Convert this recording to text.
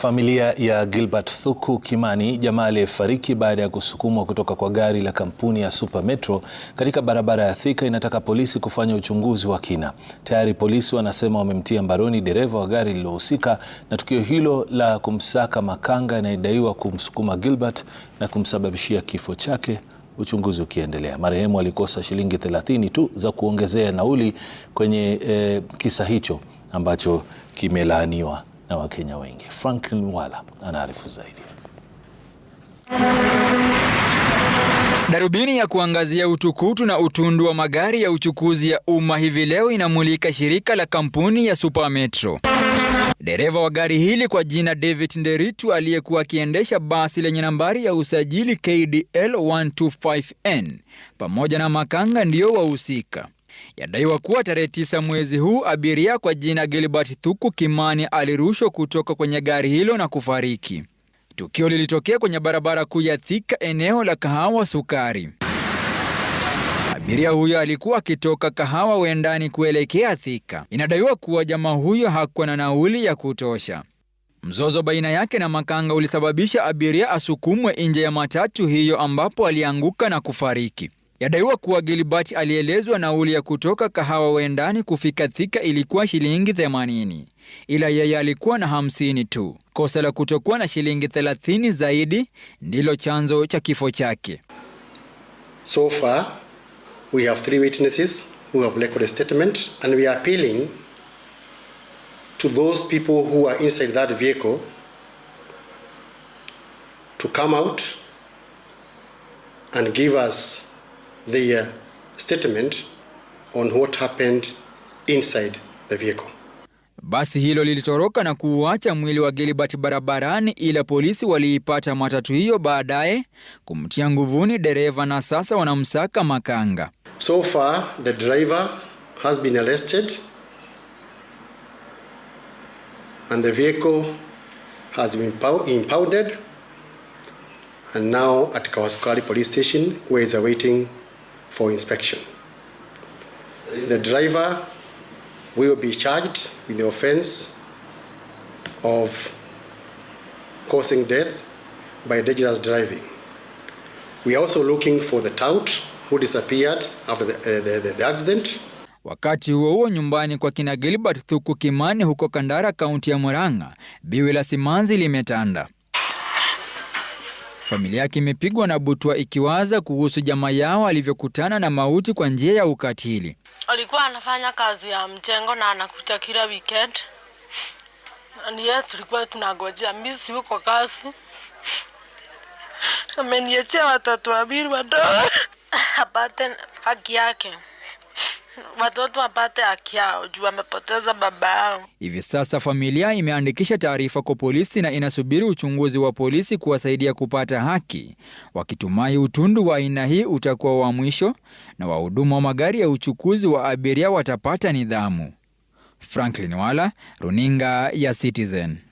Familia ya Gilbert Thuku Kimani, jamaa aliyefariki baada ya kusukumwa kutoka kwa gari la kampuni ya Super Metro katika barabara ya Thika inataka polisi kufanya uchunguzi wa kina. Tayari polisi wanasema wamemtia mbaroni dereva wa gari lililohusika na tukio hilo la kumsaka makanga anayedaiwa kumsukuma Gilbert na kumsababishia kifo chake, uchunguzi ukiendelea. Marehemu alikosa shilingi 30 tu za kuongezea nauli kwenye eh, kisa hicho ambacho kimelaaniwa na Wakenya wengi. Franklin Wala anaarifu zaidi. Darubini ya kuangazia utukutu na utundu wa magari ya uchukuzi ya umma hivi leo inamulika shirika la kampuni ya Super Metro. Dereva wa gari hili kwa jina David Nderitu aliyekuwa akiendesha basi lenye nambari ya usajili KDL 125N pamoja na makanga ndiyo wahusika. Yadaiwa kuwa tarehe tisa mwezi huu abiria kwa jina Gilbert Thuku Kimani alirushwa kutoka kwenye gari hilo na kufariki. Tukio lilitokea kwenye barabara kuu ya Thika, eneo la Kahawa Sukari. Abiria huyo alikuwa akitoka Kahawa Wendani kuelekea Thika. Inadaiwa kuwa jamaa huyo hakuwa na nauli ya kutosha. Mzozo baina yake na makanga ulisababisha abiria asukumwe nje ya matatu hiyo ambapo alianguka na kufariki yadaiwa kuwa Gilbert alielezwa nauli ya kutoka kahawa wendani kufika Thika ilikuwa shilingi 80 ila yeye alikuwa na 50 tu. Kosa la kutokuwa na shilingi 30 zaidi ndilo chanzo cha kifo chake. So far we have three witnesses who have recorded statement and we are appealing to those people who are inside that vehicle to come out and give us their uh, statement on what happened inside the vehicle. Basi hilo lilitoroka na kuuacha mwili wa Gilbert barabarani, ila polisi waliipata matatu hiyo baadaye kumtia nguvuni dereva na sasa wanamsaka Makanga. So far the driver has been arrested and the vehicle has been impounded and now at Kawasakali police station where is awaiting for inspection. The driver will be charged with the offense of causing death by dangerous driving. We are also looking for the tout who disappeared after the, uh, the, the, the accident. Wakati huo huo nyumbani kwa kina Gilbert Thuku Kimani huko Kandara, kaunti ya Murang'a, biwi la simanzi limetanda. Familia yake imepigwa na butwa ikiwaza kuhusu jamaa yao alivyokutana na mauti kwa njia ya ukatili. Alikuwa anafanya kazi ya mjengo na anakuja kila weekend, ndiye tulikuwa tunagojea. Mimi si kwa kazi, ameniachia watoto wawili wadogo apate haki yake watoto wapate haki yao juu wamepoteza baba yao. Hivi sasa familia imeandikisha taarifa kwa polisi na inasubiri uchunguzi wa polisi kuwasaidia kupata haki, wakitumai utundu wa aina hii utakuwa wa mwisho na wahudumu wa magari ya uchukuzi wa abiria watapata nidhamu. Franklin Wala, runinga ya Citizen.